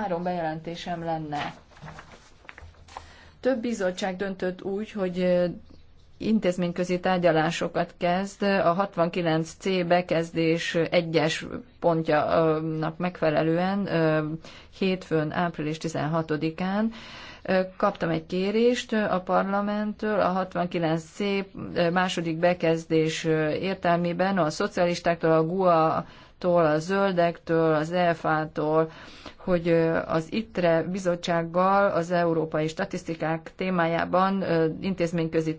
három bejelentésem lenne. Több bizottság döntött úgy, hogy intézményközi tárgyalásokat kezd a 69C bekezdés egyes pontjának megfelelően hétfőn, április 16-án. Kaptam egy kérést a parlamenttől a 69C második bekezdés értelmében a szocialistáktól, a GUA tól a zöldektől, az EFA-tól, hogy az ITRE bizottsággal az európai statisztikák témájában intézményközi